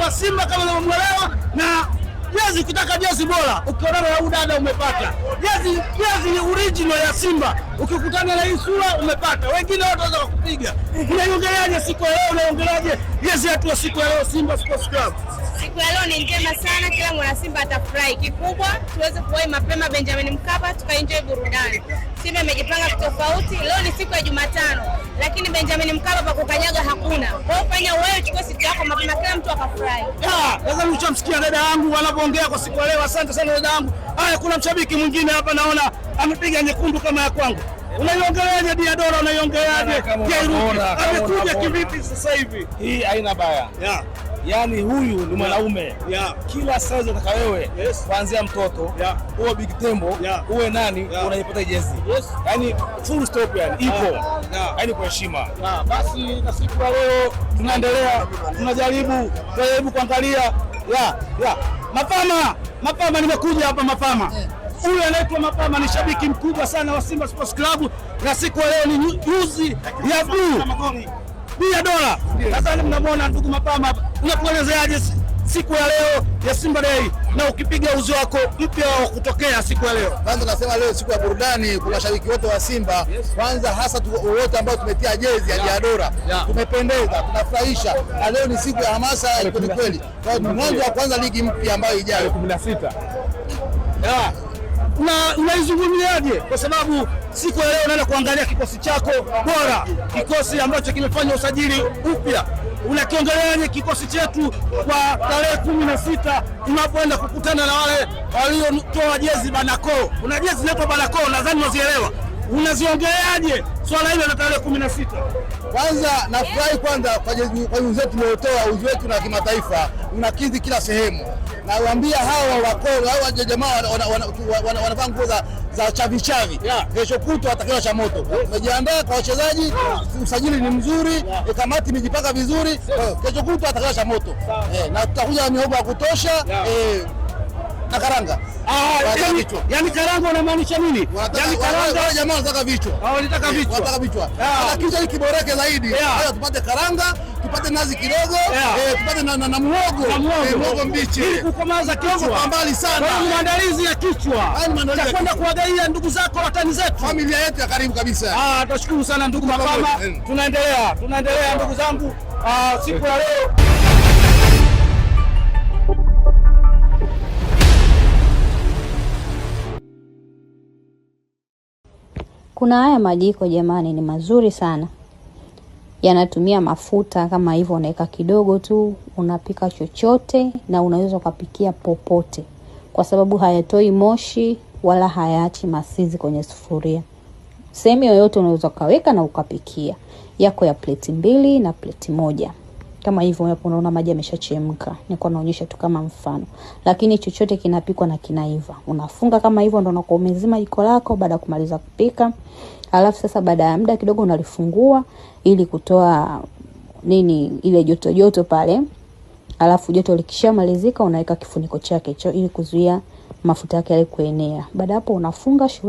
wa Simba kama unavyomwelewa na jezi. Ukitaka jezi bora, ukiona na udada umepata jezi, jezi original ya Simba. Ukikutana na hii sura umepata, wengine watu waweza kukupiga. Unaongeleaje siku ya leo? Unaongeleaje jezi yetu ya siku ya leo Simba Sports Club? Siku ya leo ni njema sana, kila mwana Simba atafurahi. Kikubwa tuweze kuwahi mapema Benjamin Mkapa tukaenjoy burudani. Simba imejipanga tofauti. Leo ni siku ya Jumatano, lakini Benjamin Mkapa pa kukanyaga hakuna kufanya wewe uchukue siku yako mapema, kila mtu akafurahi. Sasa ah, ulishamsikia dada yangu anapoongea kwa siku leo. Asante sana dada yangu. Haya, kuna mshabiki mwingine hapa naona amepiga nyekundu kama ya kwangu. Unaiongeleaje Diadora, unaiongeleaje? Amekuja kivipi sasa hivi? Hii haina baya yani huyu ni mwanaume yeah. Kila size unataka wewe yes. Kuanzia mtoto yeah. Uwe big tembo yeah. Uwe nani yeah. Unaipata jezi yes. Yani full stop yani ipo yeah. Yani kwa heshima yeah. Basi na siku ya leo tunaendelea, tunajaribu tunajaribu kuangalia yeah. Yeah. Mapama Mapama, nimekuja hapa Mapama yeah. Huyu anaitwa Mapama ni shabiki mkubwa sana wa Simba Sports Club, na siku ya leo ni juzi ya bluu mia dola. Sasa mnamwona ndugu Mapama, unakuelezeaje siku ya leo ya Simba Day na ukipiga uzi wako mpya wa kutokea siku ya leo? Kwanza nasema leo siku ya burudani kwa mashabiki wote wa Simba, kwanza hasa wote ambao tumetia jezi ya Diadora, tumependeza, tunafurahisha, na leo ni siku ya hamasa kwelikweli, kwa mwanzo wa kwanza ligi mpya ambayo ijayo 16 unaizungumziaje kwa sababu Siku ya leo unaenda kuangalia kikosi chako bora, kikosi ambacho kimefanya usajili upya. Unakiongeleaje kikosi chetu kwa tarehe kumi na sita tunapoenda kukutana na wale waliotoa jezi Banako? Una jezi zinaitwa Banako, nadhani unazielewa. Unaziongeleaje? swala hilo la tarehe kumi na sita kwanza nafurahi kwanza kwa juzi zetu tuliotoa uzi wetu na kimataifa unakidhi kila sehemu. Nawaambia hawa wakoro hawa jamaa wanavaa nguo za chavichavi, kesho kutwa watakiwa cha moto. Umejiandaa kwa wachezaji, usajili ni mzuri, kamati imejipaka vizuri, kesho kutwa watakiwa cha moto eh, na tutakuja na mihogo ya kutosha. Eh, na karanga. Ah, yani, yani karanga unamaanisha nini? Yani karanga wale jamaa wanataka vichwa. Ah, wanataka eh, vichwa. Wanataka vichwa. Kisha ikiboreke zaidi. Haya tupate karanga, tupate nazi kidogo, eh, tupate na na muhogo. Eh, muhogo mbichi. Ili kukomaza kichwa. Kwa mbali sana. Ni maandalizi ya kichwa. Cha kwenda kuwagaia ndugu zako, watani zetu. Familia yetu ya karibu kabisa. Ah, tunashukuru sana ndugu Mapama. Tunaendelea. Tunaendelea ndugu zangu. Ah, siku ya leo Kuna haya majiko jamani, ni mazuri sana, yanatumia mafuta kama hivyo, unaweka kidogo tu, unapika chochote na unaweza ukapikia popote, kwa sababu hayatoi moshi wala hayaachi masizi kwenye sufuria. Sehemu yoyote unaweza ukaweka na ukapikia yako ya pleti mbili na pleti moja kama hivyo hapo, unaona maji yameshachemka. Nilikuwa naonyesha tu kama mfano, lakini chochote kinapikwa na kinaiva, unafunga kama hivyo, ndio unakuwa umezima jiko lako baada ya kumaliza kupika. Alafu sasa, baada ya muda kidogo, unalifungua ili kutoa nini, ile joto joto pale. Alafu joto likishamalizika, unaweka kifuniko chake hicho ili kuzuia mafuta yake yale kuenea. Baada hapo, unafunga.